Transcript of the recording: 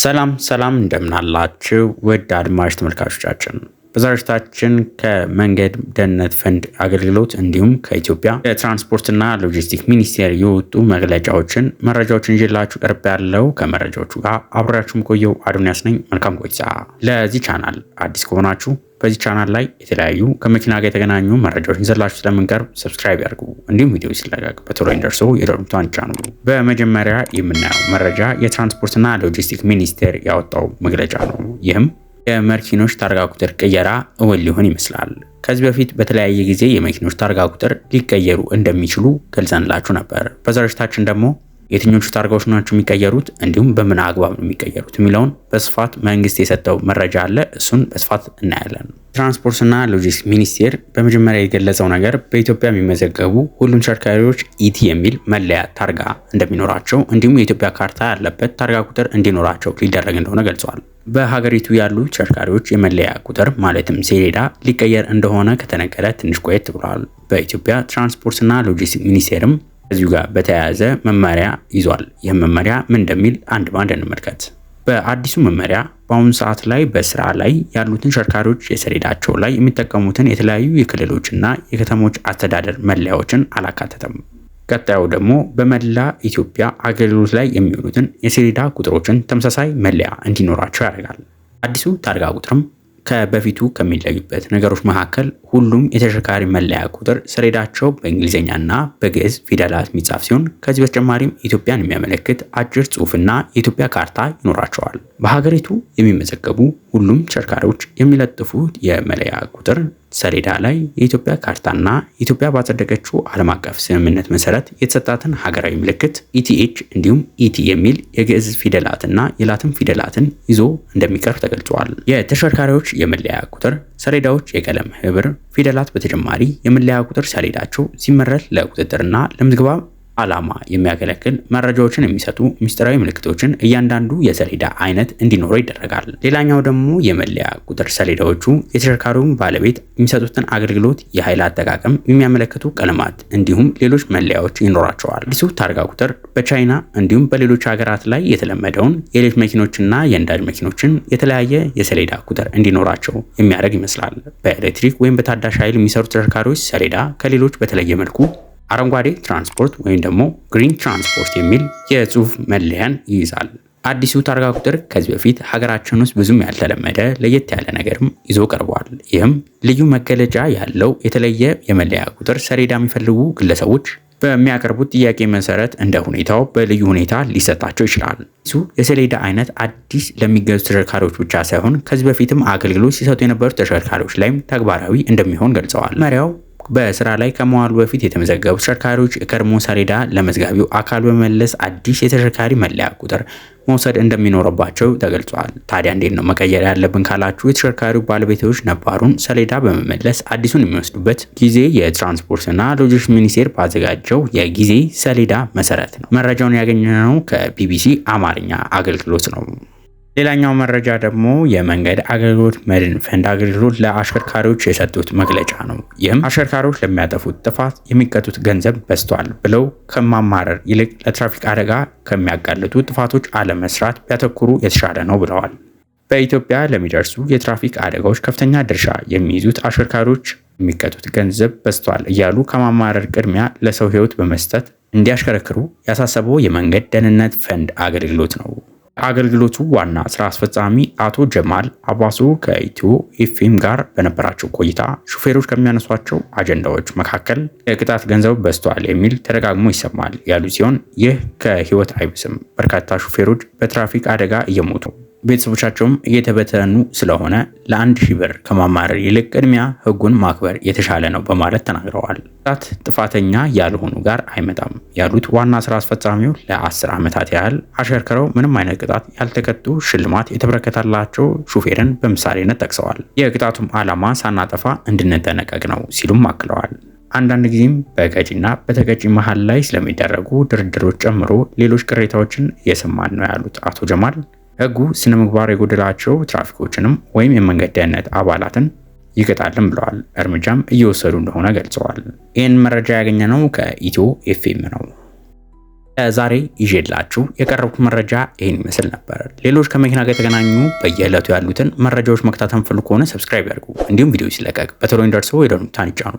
ሰላም ሰላም እንደምናላችሁ ውድ አድማጭ ተመልካቾቻችን በዝግጅታችን ከመንገድ ደህንነት ፈንድ አገልግሎት እንዲሁም ከኢትዮጵያ የትራንስፖርትና ሎጂስቲክ ሚኒስቴር የወጡ መግለጫዎችን፣ መረጃዎችን ይዤላችሁ ቀርብ ያለው ከመረጃዎቹ ጋር አብሬያችሁም ቆየው አዶንያስ ነኝ። መልካም ቆይታ። ለዚህ ቻናል አዲስ ከሆናችሁ በዚህ ቻናል ላይ የተለያዩ ከመኪና ጋር የተገናኙ መረጃዎች ይዘላችሁ ስለምንቀርብ ሰብስክራይብ ያድርጉ። እንዲሁም ቪዲዮ ሲለቀቅ በቶሎ እንደርሶ የደርምቷን ጫኑ። በመጀመሪያ የምናየው መረጃ የትራንስፖርትና ሎጂስቲክ ሚኒስቴር ያወጣው መግለጫ ነው። ይህም የመኪኖች ታርጋ ቁጥር ቅየራ እውን ሊሆን ይመስላል። ከዚህ በፊት በተለያየ ጊዜ የመኪኖች ታርጋ ቁጥር ሊቀየሩ እንደሚችሉ ገልጸንላችሁ ነበር። በዝግጅታችን ደግሞ የትኞቹ ታርጋዎች ናቸው የሚቀየሩት፣ እንዲሁም በምን አግባብ ነው የሚቀየሩት የሚለውን በስፋት መንግስት የሰጠው መረጃ አለ። እሱን በስፋት እናያለን። ትራንስፖርትና ሎጂስቲክስ ሚኒስቴር በመጀመሪያ የገለጸው ነገር በኢትዮጵያ የሚመዘገቡ ሁሉም ተሽከርካሪዎች ኢቲ የሚል መለያ ታርጋ እንደሚኖራቸው እንዲሁም የኢትዮጵያ ካርታ ያለበት ታርጋ ቁጥር እንዲኖራቸው ሊደረግ እንደሆነ ገልጸዋል። በሀገሪቱ ያሉ ተሽከርካሪዎች የመለያ ቁጥር ማለትም ሰሌዳ ሊቀየር እንደሆነ ከተነገረ ትንሽ ቆየት ብሏል። በኢትዮጵያ ትራንስፖርትና ሎጂስቲክ ሚኒስቴርም ከዚሁ ጋር በተያያዘ መመሪያ ይዟል። ይህም መመሪያ ምን እንደሚል አንድ ባንድ እንመልከት። በአዲሱ መመሪያ በአሁኑ ሰዓት ላይ በስራ ላይ ያሉትን ተሽከርካሪዎች የሰሌዳቸው ላይ የሚጠቀሙትን የተለያዩ የክልሎችና የከተሞች አስተዳደር መለያዎችን አላካተተም። ቀጣዩ ደግሞ በመላ ኢትዮጵያ አገልግሎት ላይ የሚውሉትን የሰሌዳ ቁጥሮችን ተመሳሳይ መለያ እንዲኖራቸው ያደርጋል። አዲሱ ታርጋ ቁጥርም ከበፊቱ ከሚለዩበት ነገሮች መካከል ሁሉም የተሽከርካሪ መለያ ቁጥር ሰሌዳቸው በእንግሊዝኛና በግዕዝ ፊደላት የሚጻፍ ሲሆን ከዚህ በተጨማሪም ኢትዮጵያን የሚያመለክት አጭር ጽሑፍና የኢትዮጵያ ካርታ ይኖራቸዋል። በሀገሪቱ የሚመዘገቡ ሁሉም ተሽከርካሪዎች የሚለጥፉት የመለያ ቁጥር ሰሌዳ ላይ የኢትዮጵያ ካርታና ኢትዮጵያ ባጸደቀችው ዓለም አቀፍ ስምምነት መሰረት የተሰጣትን ሀገራዊ ምልክት ኢቲኤች እንዲሁም ኢቲ የሚል የግዕዝ ፊደላትና የላትን ፊደላትን ይዞ እንደሚቀርብ ተገልጿል። የተሽከርካሪዎች የመለያ ቁጥር ሰሌዳዎች የቀለም ህብር ፊደላት በተጨማሪ የመለያ ቁጥር ሰሌዳቸው ሲመረት ለቁጥጥርና ለምዝግባ። ዓላማ የሚያገለግል መረጃዎችን የሚሰጡ ምስጢራዊ ምልክቶችን እያንዳንዱ የሰሌዳ አይነት እንዲኖረው ይደረጋል። ሌላኛው ደግሞ የመለያ ቁጥር ሰሌዳዎቹ የተሽከርካሪውን ባለቤት የሚሰጡትን አገልግሎት፣ የኃይል አጠቃቀም የሚያመለክቱ ቀለማት እንዲሁም ሌሎች መለያዎች ይኖራቸዋል። አዲሱ ታርጋ ቁጥር በቻይና እንዲሁም በሌሎች ሀገራት ላይ የተለመደውን የሌሎች መኪኖችና የነዳጅ መኪኖችን የተለያየ የሰሌዳ ቁጥር እንዲኖራቸው የሚያደርግ ይመስላል። በኤሌክትሪክ ወይም በታዳሽ ኃይል የሚሰሩ ተሽከርካሪዎች ሰሌዳ ከሌሎች በተለየ መልኩ አረንጓዴ ትራንስፖርት ወይም ደግሞ ግሪን ትራንስፖርት የሚል የጽሁፍ መለያን ይይዛል። አዲሱ ታርጋ ቁጥር ከዚህ በፊት ሀገራችን ውስጥ ብዙም ያልተለመደ ለየት ያለ ነገርም ይዞ ቀርቧል። ይህም ልዩ መገለጫ ያለው የተለየ የመለያ ቁጥር ሰሌዳ የሚፈልጉ ግለሰቦች በሚያቀርቡት ጥያቄ መሰረት እንደ ሁኔታው በልዩ ሁኔታ ሊሰጣቸው ይችላል። እሱ የሰሌዳ አይነት አዲስ ለሚገዙ ተሽከርካሪዎች ብቻ ሳይሆን ከዚህ በፊትም አገልግሎት ሲሰጡ የነበሩ ተሽከርካሪዎች ላይም ተግባራዊ እንደሚሆን ገልጸዋል። መሪያው በስራ ላይ ከመዋሉ በፊት የተመዘገቡ ተሽከርካሪዎች የቀድሞ ሰሌዳ ለመዝጋቢው አካል በመለስ አዲስ የተሽከርካሪ መለያ ቁጥር መውሰድ እንደሚኖርባቸው ተገልጿል። ታዲያ እንዴት ነው መቀየር ያለብን ካላችሁ የተሽከርካሪው ባለቤቶች ነባሩን ሰሌዳ በመመለስ አዲሱን የሚወስዱበት ጊዜ የትራንስፖርትና ሎጂስቲክስ ሚኒስቴር ባዘጋጀው የጊዜ ሰሌዳ መሰረት ነው። መረጃውን ያገኘነው ከቢቢሲ አማርኛ አገልግሎት ነው። ሌላኛው መረጃ ደግሞ የመንገድ አገልግሎት መድን ፈንድ አገልግሎት ለአሽከርካሪዎች የሰጡት መግለጫ ነው። ይህም አሽከርካሪዎች ለሚያጠፉት ጥፋት የሚቀጡት ገንዘብ በዝቷል ብለው ከማማረር ይልቅ ለትራፊክ አደጋ ከሚያጋልጡ ጥፋቶች አለመስራት ቢያተኩሩ የተሻለ ነው ብለዋል። በኢትዮጵያ ለሚደርሱ የትራፊክ አደጋዎች ከፍተኛ ድርሻ የሚይዙት አሽከርካሪዎች የሚቀጡት ገንዘብ በዝቷል እያሉ ከማማረር ቅድሚያ ለሰው ሕይወት በመስጠት እንዲያሽከረክሩ ያሳሰበው የመንገድ ደህንነት ፈንድ አገልግሎት ነው። አገልግሎቱ ዋና ስራ አስፈጻሚ አቶ ጀማል አባሶ ከኢትዮ ኤፍኤም ጋር በነበራቸው ቆይታ ሹፌሮች ከሚያነሷቸው አጀንዳዎች መካከል የቅጣት ገንዘብ በዝቷል የሚል ተደጋግሞ ይሰማል ያሉ ሲሆን ይህ ከህይወት አይብስም። በርካታ ሹፌሮች በትራፊክ አደጋ እየሞቱ ቤተሰቦቻቸውም እየተበተኑ ስለሆነ ለአንድ ሺህ ብር ከማማረር ይልቅ ቅድሚያ ሕጉን ማክበር የተሻለ ነው በማለት ተናግረዋል። ቅጣት ጥፋተኛ ያልሆኑ ጋር አይመጣም ያሉት ዋና ስራ አስፈጻሚው ለአስር ዓመታት ያህል አሽከርከረው ምንም አይነት ቅጣት ያልተቀጡ ሽልማት የተበረከተላቸው ሹፌርን በምሳሌነት ጠቅሰዋል። የቅጣቱም ዓላማ ሳናጠፋ እንድንጠነቀቅ ነው ሲሉም አክለዋል። አንዳንድ ጊዜም በቀጪና በተቀጪ መሀል ላይ ስለሚደረጉ ድርድሮች ጨምሮ ሌሎች ቅሬታዎችን እየሰማን ነው ያሉት አቶ ጀማል ህጉ ስነ ምግባር የጎደላቸው ትራፊኮችንም ወይም የመንገድ ደህንነት አባላትን ይቀጣልም ብለዋል። እርምጃም እየወሰዱ እንደሆነ ገልጸዋል። ይህን መረጃ ያገኘነው ከኢትዮ ኤፍኤም ነው። ዛሬ ይዤላችሁ የቀረብኩት መረጃ ይህን ይመስል ነበር። ሌሎች ከመኪና ጋር የተገናኙ በየዕለቱ ያሉትን መረጃዎች መከታተል ፈልጉ ከሆነ ሰብስክራይብ ያድርጉ። እንዲሁም ቪዲዮ ሲለቀቅ በተሎኝ ደርሰው የደኑታን ይጫኑ።